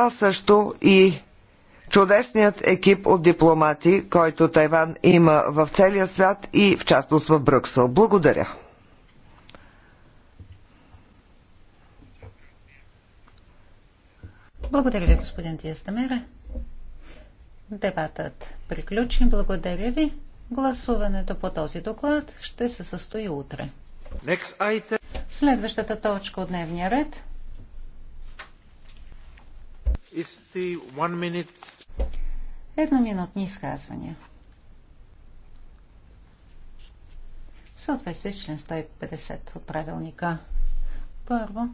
а също и чудесният екип от дипломати, който Тайван има в целия свят и в частност в Брюксел. Благодаря. Благодаря ви, господин Диестамера. Дебатът приключи. Благодаря ви. Гласуването по този доклад ще се състои утре. Следващата точка от дневния ред Едноминутни изказвания. В съответствие с член 150 от правилника. Първо,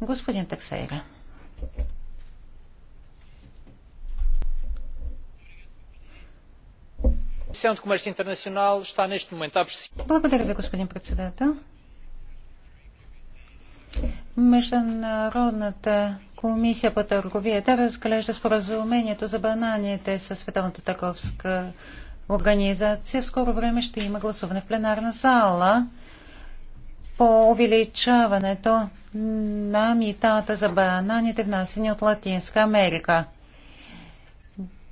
господин Таксейра. Благодаря ви, господин председател. Международната Комисия по търговията разглежда споразумението за бананите със Световната търговска организация. В скоро време ще има гласуване в пленарна зала по увеличаването на митата за бананите, внасени от Латинска Америка.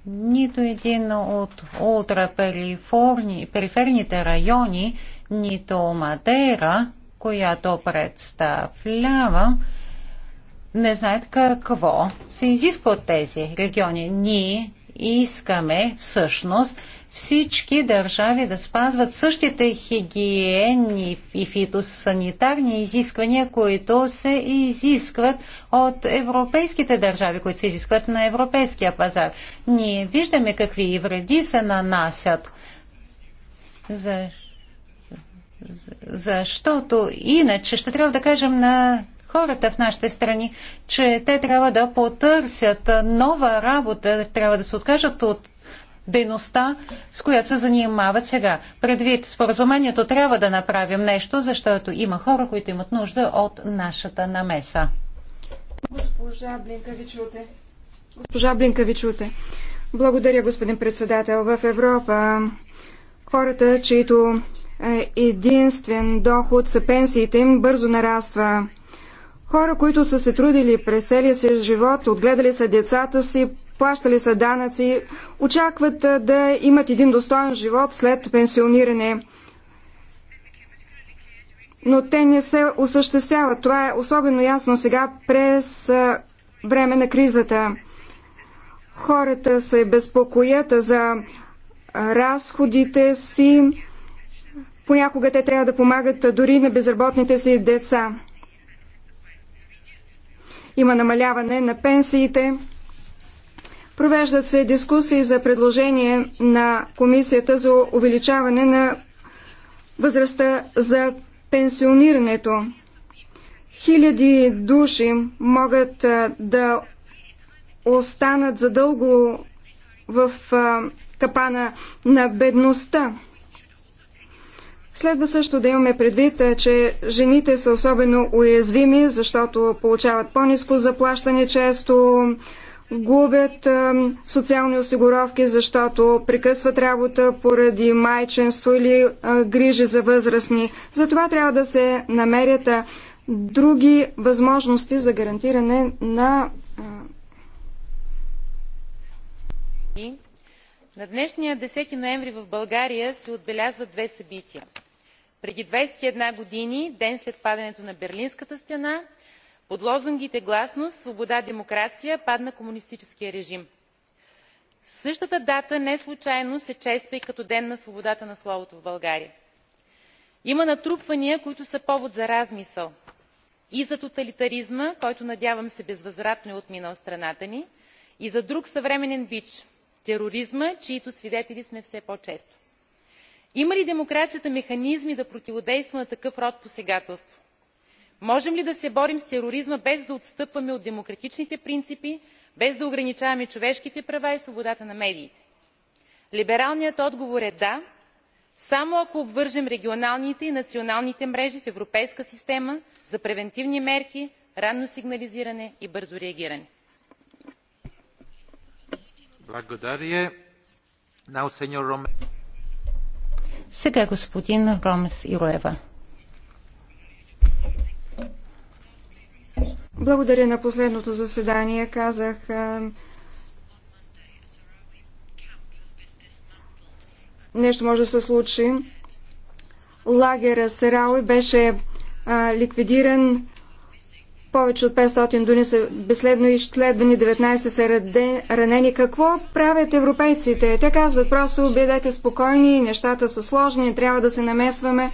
Нито един от ултрапериферните райони, нито Мадера, която представлявам, не знаят какво се изисква от тези региони. Ние искаме всъщност всички държави да спазват същите хигиени и фитосанитарни изисквания, които се изискват от европейските държави, които се изискват на европейския пазар. Ние виждаме какви вреди се нанасят. За... Защото иначе ще трябва да кажем на хората в нашите страни, че те трябва да потърсят нова работа, трябва да се откажат от дейността, с която се занимават сега. Предвид споразумението трябва да направим нещо, защото има хора, които имат нужда от нашата намеса. Госпожа Блинкавичуте. Госпожа Блинкавичуте. Благодаря, господин председател. В Европа хората, чието е, единствен доход са пенсиите им, бързо нараства. Хора, които са се трудили през целия си живот, отгледали са децата си, плащали са данъци, очакват да имат един достоен живот след пенсиониране. Но те не се осъществяват. Това е особено ясно сега през време на кризата. Хората се безпокоят за разходите си. Понякога те трябва да помагат дори на безработните си деца. Има намаляване на пенсиите. Провеждат се дискусии за предложение на Комисията за увеличаване на възрастта за пенсионирането. Хиляди души могат да останат задълго в капана на бедността. Следва също да имаме предвид, е, че жените са особено уязвими, защото получават по-низко заплащане често, губят е, социални осигуровки, защото прекъсват работа поради майченство или е, грижи за възрастни. Затова трябва да се намерят други възможности за гарантиране на. На днешния 10 ноември в България се отбелязват две събития преди двадесет и една години ден след падането на берлинската стена под лозунгите гласност свобода демокрация падна комунистическият режим. същата дата неслучайно се чества и като ден на свободата на словото в българия. има натрупвания които са повод за размисъл и за тоталитаризма който надявам се безвъзвратно е отминал страната ни и за друг съвременен бич тероризма чиито свидетели сме все по често има ли демокрацията механизми да противодейства на такъв род посегателство? можем ли да се борим с тероризма без да отстъпваме от демократичните принципи без да ограничаваме човешките права и свободата на медиите? либералният отговор е да само ако обвържем регионалните и националните мрежи в европейска система за превантивни мерки ранно сигнализиране и бързо реагиране. Сега е господин Ромес Ироева. Благодаря на последното заседание. Казах, нещо може да се случи. Лагера Серауи беше ликвидиран повече от 500 дни са безследно изследвани, 19 са ранени. Какво правят европейците? Те казват просто бъдете спокойни, нещата са сложни, не трябва да се намесваме.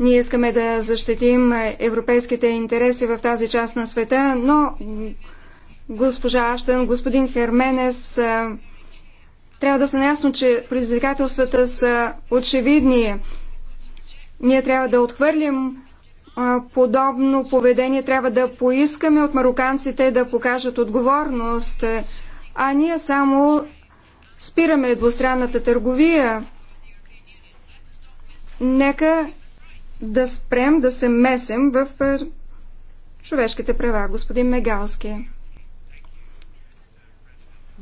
Ние искаме да защитим европейските интереси в тази част на света, но госпожа Аштън, господин Херменес, трябва да са наясно, че предизвикателствата са очевидни. Ние трябва да отхвърлим подобно поведение. Трябва да поискаме от мароканците да покажат отговорност, а ние само спираме двустранната търговия. Нека да спрем да се месим в е, човешките права, господин Мегалски.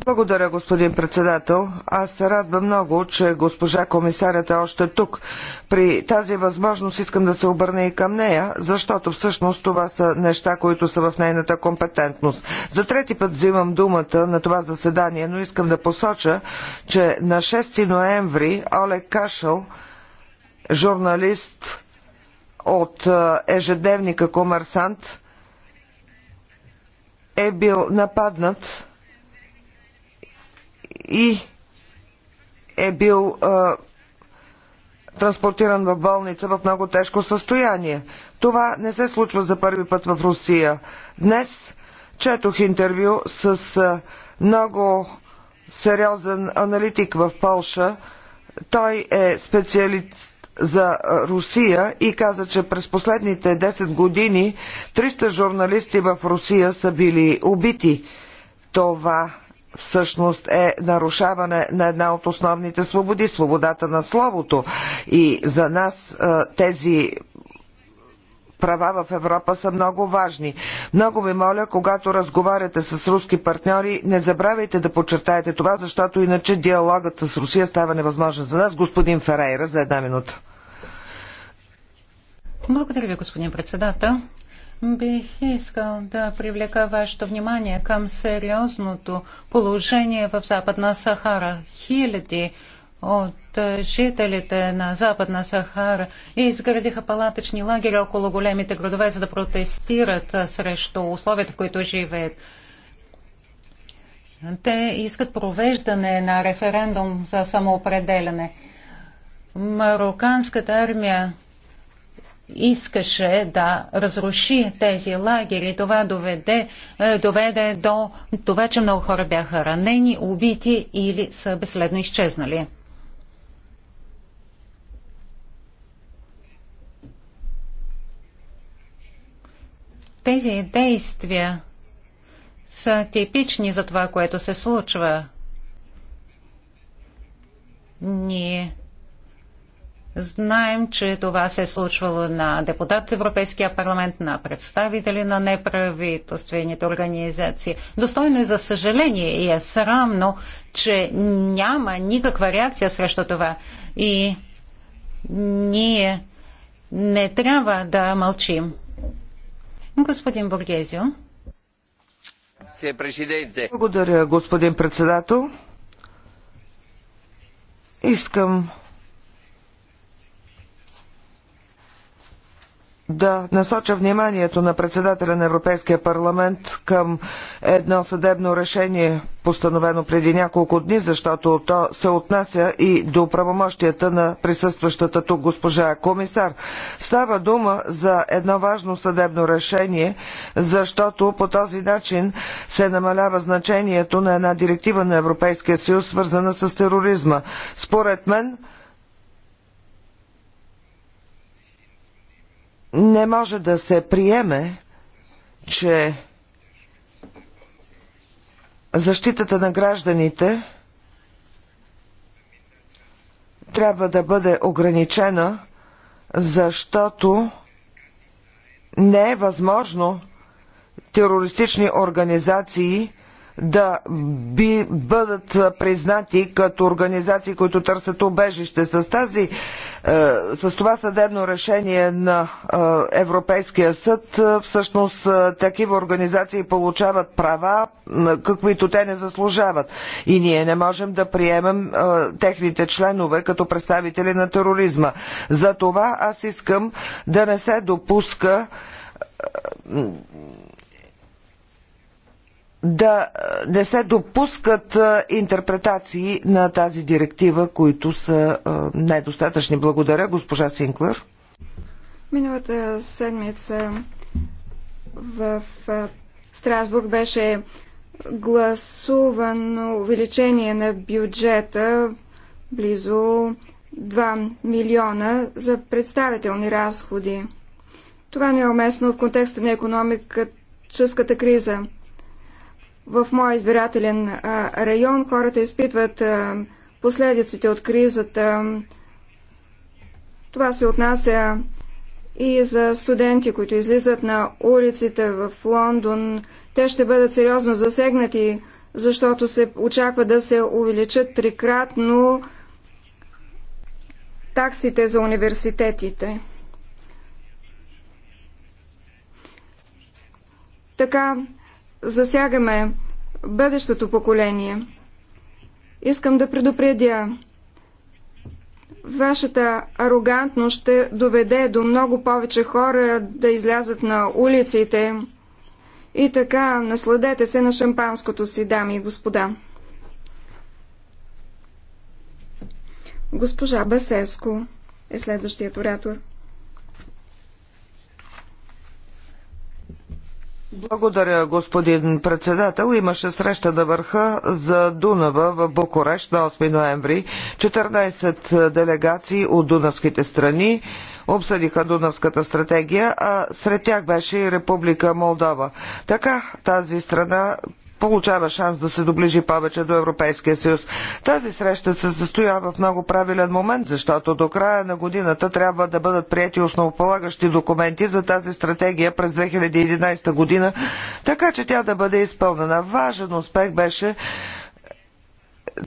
Благодаря, господин председател. Аз се радвам много, че госпожа комисарят е още тук. При тази възможност искам да се обърна и към нея, защото всъщност това са неща, които са в нейната компетентност. За трети път взимам думата на това заседание, но искам да посоча, че на 6 ноември Олег Кашъл, журналист от ежедневника Комерсант, е бил нападнат и е бил а, транспортиран в болница в много тежко състояние. Това не се случва за първи път в Русия. Днес четох интервю с а, много сериозен аналитик в Полша. Той е специалист за Русия и каза, че през последните 10 години 300 журналисти в Русия са били убити. Това всъщност е нарушаване на една от основните свободи свободата на словото. И за нас е, тези права в Европа са много важни. Много ви моля, когато разговаряте с руски партньори, не забравяйте да подчертаете това, защото иначе диалогът с Русия става невъзможен за нас. Господин Ферейра, за една минута. Благодаря ви, господин председател. Бих искал да привлека вашето внимание към сериозното положение в Западна Сахара. Хиляди от жителите на Западна Сахара изградиха палатъчни лагери около големите градове, за да протестират срещу условията, в които живеят. Те искат провеждане на референдум за самоопределяне. Мароканската армия искаше да разруши тези лагери. Това доведе, е, доведе до това, че много хора бяха ранени, убити или са безследно изчезнали. Тези действия са типични за това, което се случва. Ние Знаем, че това се е случвало на депутат от Европейския парламент, на представители на неправителствените организации. Достойно и е за съжаление и е срамно, че няма никаква реакция срещу това. И ние не трябва да мълчим. Господин Бургезио. Благодаря, господин председател. Искам да насоча вниманието на председателя на Европейския парламент към едно съдебно решение, постановено преди няколко дни, защото то се отнася и до правомощията на присъстващата тук госпожа комисар. Става дума за едно важно съдебно решение, защото по този начин се намалява значението на една директива на Европейския съюз, свързана с тероризма. Според мен, Не може да се приеме, че защитата на гражданите трябва да бъде ограничена, защото не е възможно терористични организации да би, бъдат признати като организации, които търсят убежище. С, тази, е, с това съдебно решение на е, Европейския съд, е, всъщност такива организации получават права, каквито те не заслужават. И ние не можем да приемем техните членове като представители на тероризма. За това аз искам да не се допуска да не се допускат интерпретации на тази директива, които са недостатъчни. Благодаря, госпожа Синклер. Миналата седмица в Страсбург беше гласувано увеличение на бюджета близо 2 милиона за представителни разходи. Това не е уместно в контекста на економиката криза. В моя избирателен район хората изпитват последиците от кризата. Това се отнася и за студенти, които излизат на улиците в Лондон. Те ще бъдат сериозно засегнати, защото се очаква да се увеличат трикратно таксите за университетите. Така засягаме бъдещото поколение. Искам да предупредя. Вашата арогантност ще доведе до много повече хора да излязат на улиците. И така, насладете се на шампанското си, дами и господа. Госпожа Басеско е следващият оратор. Благодаря, господин председател. Имаше среща на върха за Дунава в Букурещ на 8 ноември. 14 делегации от дунавските страни обсъдиха Дунавската стратегия, а сред тях беше и Република Молдова. Така тази страна получава шанс да се доближи повече до Европейския съюз. Тази среща се състоя в много правилен момент, защото до края на годината трябва да бъдат прияти основополагащи документи за тази стратегия през 2011 година, така че тя да бъде изпълнена. Важен успех беше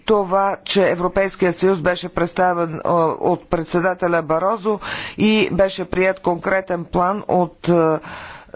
това, че Европейския съюз беше представен от председателя Барозо и беше прият конкретен план от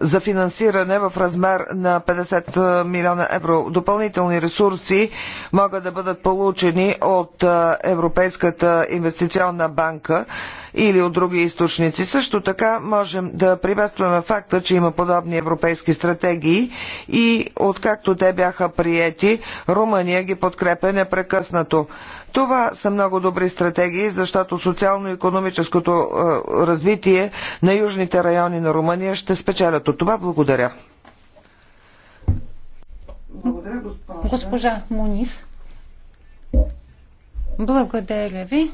за финансиране в размер на 50 милиона евро. Допълнителни ресурси могат да бъдат получени от Европейската инвестиционна банка или от други източници. Също така можем да приветстваме факта, че има подобни европейски стратегии и откакто те бяха приети, Румъния ги подкрепя непрекъснато. Това са много добри стратегии, защото социално-економическото е, развитие на южните райони на Румъния ще спечелят от това. Благодаря. Благодаря, госпожа. Госпожа Мунис. Благодаря ви.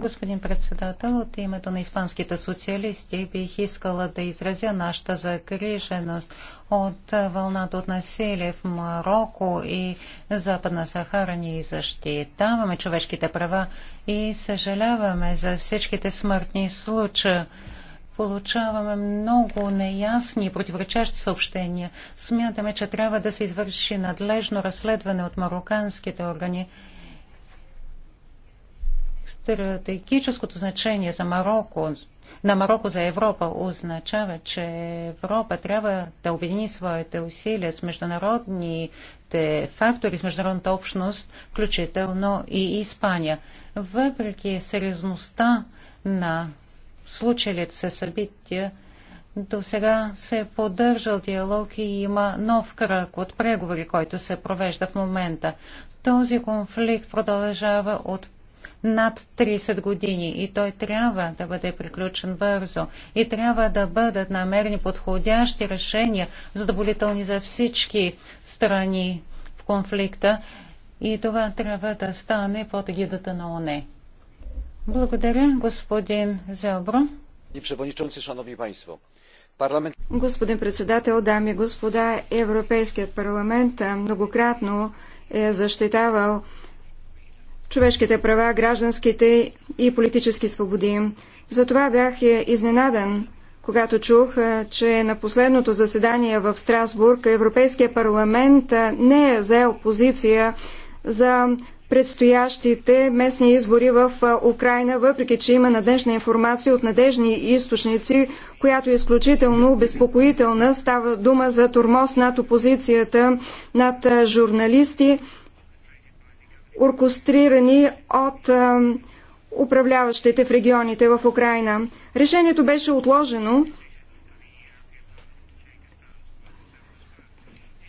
Господин председател, от името на испанските социалисти бих искала да изразя нашата загриженост от вълната от насилие в Марокко и Западна Сахара. ни защитаваме човешките права и съжаляваме за всичките смъртни случаи получаваме много неясни и противоречащи съобщения. Смятаме, че трябва да се извърши надлежно разследване от мароканските органи Стратегическото значение за Марокко, на Марокко за Европа означава, че Европа трябва да обедини своите усилия с международните фактори, с международната общност, включително и Испания. Въпреки сериозността на случилите се събития, до сега се е поддържал диалог и има нов кръг от преговори, който се провежда в момента. Този конфликт продължава от над 30 години и той трябва да бъде приключен бързо и трябва да бъдат намерени подходящи решения, задоволителни за всички страни в конфликта и това трябва да стане под гидата на ОНЕ. Благодаря, господин Зебро. Господин председател, дами и господа, Европейският парламент многократно е защитавал човешките права, гражданските и политически свободи. Затова бях изненадан, когато чух, че на последното заседание в Страсбург Европейския парламент не е взел позиция за предстоящите местни избори в Украина, въпреки че има надежна информация от надежни източници, която е изключително безпокоителна. Става дума за тормоз над опозицията, над журналисти оркестрирани от а, управляващите в регионите в Украина. Решението беше отложено.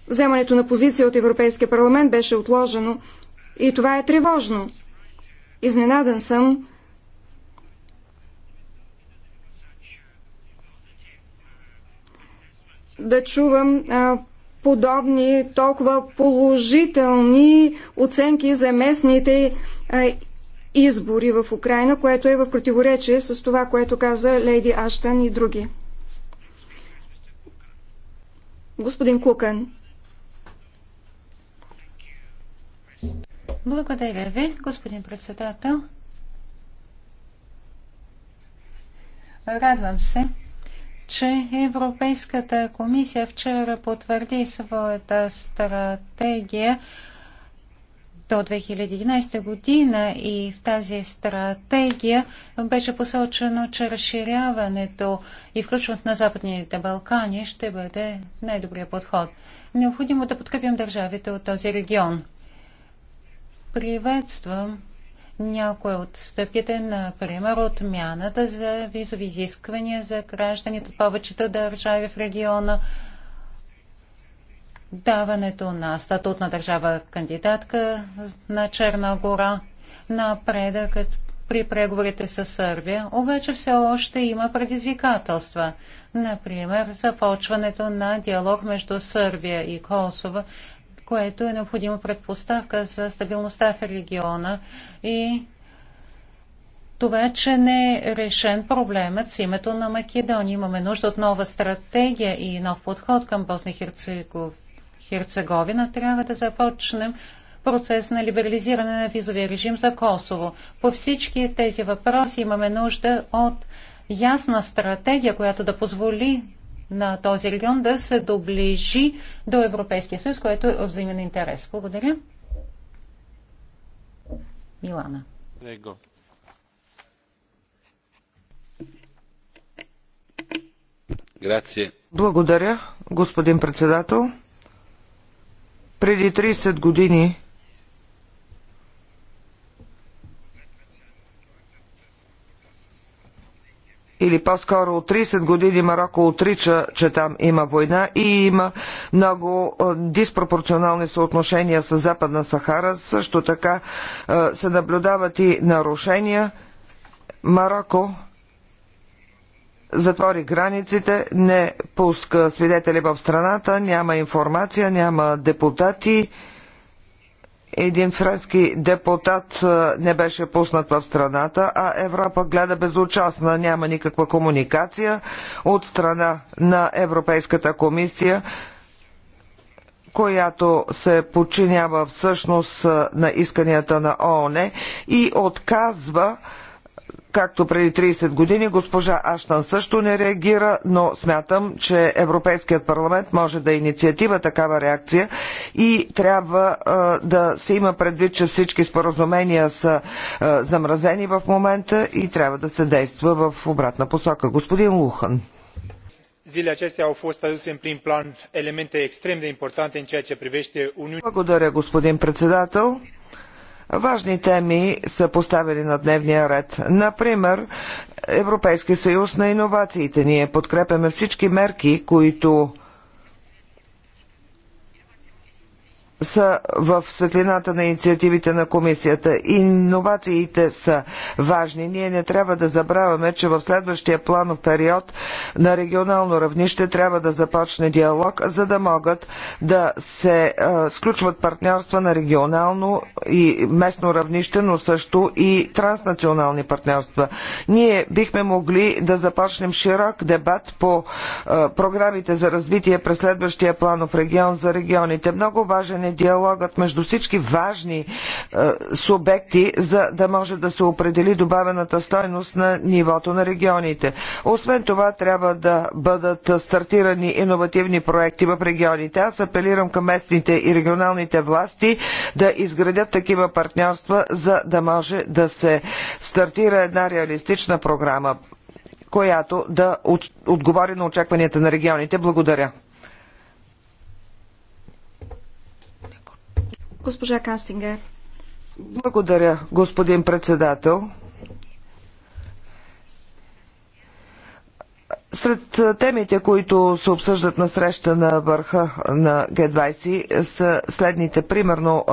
Вземането на позиция от Европейския парламент беше отложено и това е тревожно. Изненадан съм, да чувам а, подобни толкова положителни оценки за местните избори в Украина, което е в противоречие с това, което каза Лейди Аштън и други. Господин Кукан. Благодаря ви, господин председател. Радвам се, че Европейската комисия вчера потвърди своята стратегия до 2011 година и в тази стратегия беше посочено, че разширяването и включването на Западните Балкани ще бъде най-добрият подход. Необходимо да подкрепим държавите от този регион. Приветствам някои от стъпките, например отмяната за визови изисквания за гражданите от повечето държави в региона, даването на статут на държава кандидатка на Черна гора, напредъкът при преговорите с Сърбия, обаче все още има предизвикателства. Например, започването на диалог между Сърбия и Косово което е необходима предпоставка за стабилността в региона и това, че не е решен проблемът с името на Македония. Имаме нужда от нова стратегия и нов подход към Босния Херцегов... Херцеговина. Трябва да започнем процес на либерализиране на визовия режим за Косово. По всички тези въпроси имаме нужда от ясна стратегия, която да позволи на този регион да се доближи до Европейския съюз, което е взаимен интерес. Благодаря. Милана. Благодаря, господин председател. Преди 30 години или по-скоро от 30 години Марокко отрича, че там има война и има много диспропорционални съотношения с Западна Сахара. Също така се наблюдават и нарушения. Марокко затвори границите, не пуска свидетели в страната, няма информация, няма депутати един френски депутат не беше пуснат в страната, а Европа гледа безучастна, няма никаква комуникация от страна на Европейската комисия, която се подчинява всъщност на исканията на ООН и отказва Както преди 30 години, госпожа Аштан също не реагира, но смятам, че Европейският парламент може да е инициатива такава реакция и трябва а, да се има предвид, че всички споразумения са а, замразени в момента и трябва да се действа в обратна посока. Господин Лухан. Zilele acestea au fost aduse în prim plan elemente extrem de importante în ceea ce privește Uniunea. Благодаря, господин председател. Важни теми са поставени на дневния ред. Например, Европейски съюз на иновациите. Ние подкрепяме всички мерки, които са в светлината на инициативите на комисията. Иновациите са важни. Ние не трябва да забравяме, че в следващия планов период на регионално равнище трябва да започне диалог, за да могат да се е, сключват партньорства на регионално и местно равнище, но също и транснационални партньорства. Ние бихме могли да започнем широк дебат по е, програмите за развитие през следващия планов регион за регионите. Много важен е диалогът между всички важни е, субекти, за да може да се определи добавената стойност на нивото на регионите. Освен това, трябва да бъдат стартирани иновативни проекти в регионите. Аз апелирам към местните и регионалните власти да изградят такива партньорства, за да може да се стартира една реалистична програма, която да отговори на очакванията на регионите. Благодаря. Госпожа Кастингер. Благодаря, господин председател. Сред темите, които се обсъждат на среща на върха на Г20 са следните. Примерно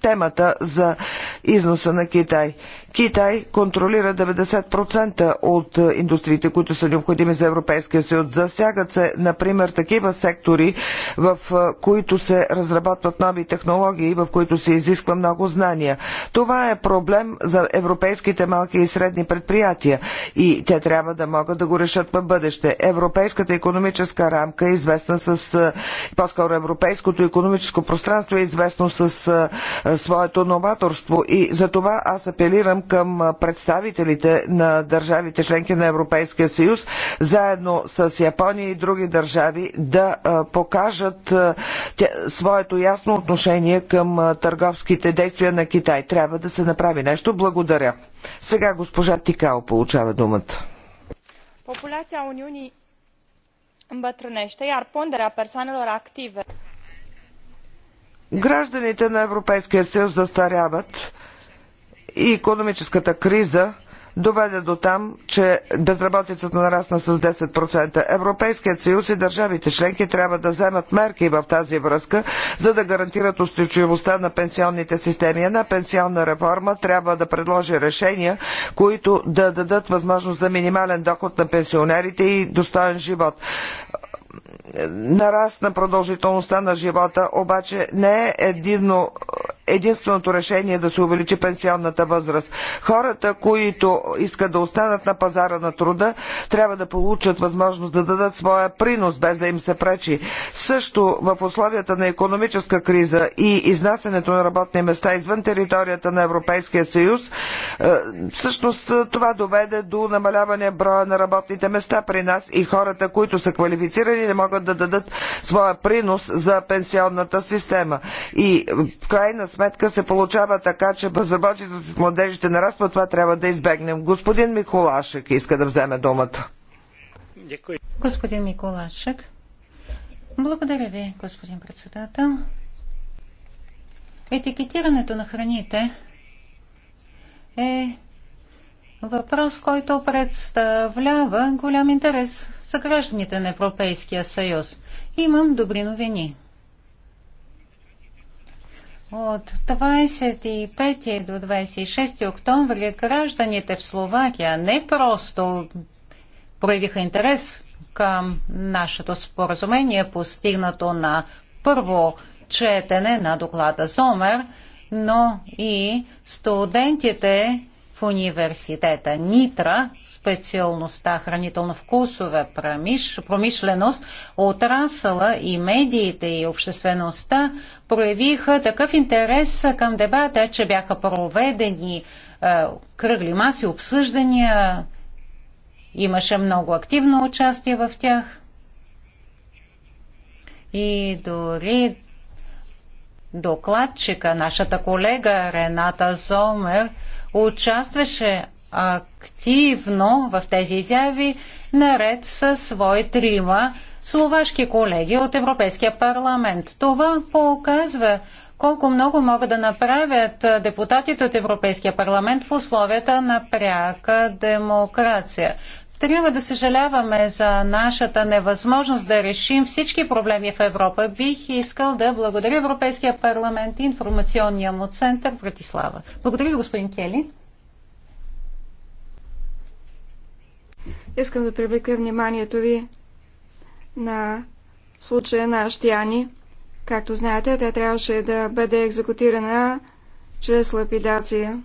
темата за износа на Китай. Китай контролира 90% от е, индустриите, които са необходими за Европейския съюз. Засягат се, например, такива сектори, в е, които се разработват нови технологии, в които се изисква много знания. Това е проблем за европейските малки и средни предприятия и те трябва да могат да го решат в бъдеще. Европейската економическа рамка е известна с е, по-скоро европейското економическо пространство е известно с своето новаторство и за това аз апелирам към представителите на държавите членки на Европейския съюз, заедно с Япония и други държави, да покажат своето ясно отношение към търговските действия на Китай. Трябва да се направи нещо. Благодаря. Сега госпожа Тикао получава думата. Populația Uniunii îmbătrânește, iar ponderea persoanelor активе. Гражданите на Европейския съюз застаряват и економическата криза доведе до там, че безработицата нарасна с 10%. Европейският съюз и държавите членки трябва да вземат мерки в тази връзка, за да гарантират устойчивостта на пенсионните системи. Една пенсионна реформа трябва да предложи решения, които да дадат възможност за минимален доход на пенсионерите и достоен живот нарасна продължителността на живота, обаче не е единно единственото решение е да се увеличи пенсионната възраст. Хората, които искат да останат на пазара на труда, трябва да получат възможност да дадат своя принос, без да им се пречи. Също в условията на економическа криза и изнасянето на работни места извън територията на Европейския съюз, е, всъщност е, това доведе до намаляване броя на работните места при нас и хората, които са квалифицирани, не могат да дадат своя принос за пенсионната система. И в крайна сметка сметка се получава така, че безработица с младежите нараства. Това трябва да избегнем. Господин Миколашек иска да вземе думата. Господин Миколашек. Благодаря ви, господин председател. Етикетирането на храните е въпрос, който представлява голям интерес за гражданите на Европейския съюз. Имам добри новини. От 25 до 26 октомври гражданите в Словакия не просто проявиха интерес към нашето споразумение, постигнато на първо четене на доклада Зомер, но и студентите в университета Нитра, специалността хранително-вкусова промишленост, отрасъла и медиите и обществеността проявиха такъв интерес към дебата, че бяха проведени е, кръгли маси, обсъждания, имаше много активно участие в тях. И дори докладчика, нашата колега Рената Зомер, участваше активно в тези изяви, наред със свои трима словашки колеги от Европейския парламент. Това показва колко много могат да направят депутатите от Европейския парламент в условията на пряка демокрация трябва да съжаляваме за нашата невъзможност да решим всички проблеми в Европа. Бих искал да благодаря Европейския парламент и информационния му център Братислава. Благодаря ви, господин Кели. Искам да привлека вниманието ви на случая на Аштияни. Както знаете, тя трябваше да бъде екзекутирана чрез лапидация.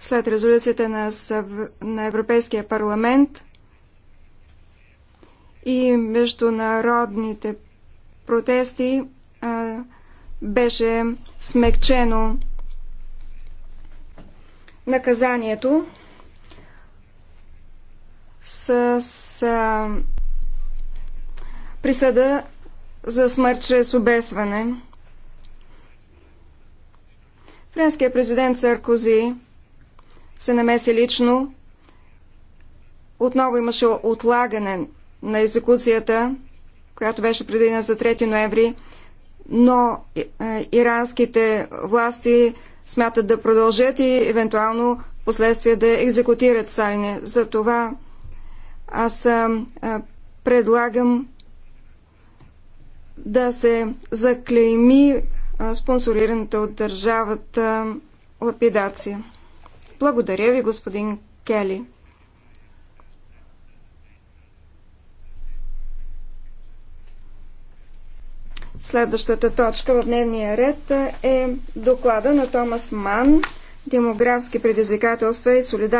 след резолюцията на, съв... на Европейския парламент и международните протести а, беше смекчено наказанието с, с а, присъда за смърт чрез обесване. Френският президент Саркози се намеси лично. Отново имаше отлагане на екзекуцията, която беше предвидена за 3 ноември, но е, е, иранските власти смятат да продължат и евентуално последствие да екзекутират Сайне. За това аз е, предлагам да се заклейми спонсорираната от държавата лапидация. Благодаря ви, господин Кели. Следващата точка в дневния ред е доклада на Томас Ман «Демографски предизвикателства и солидарност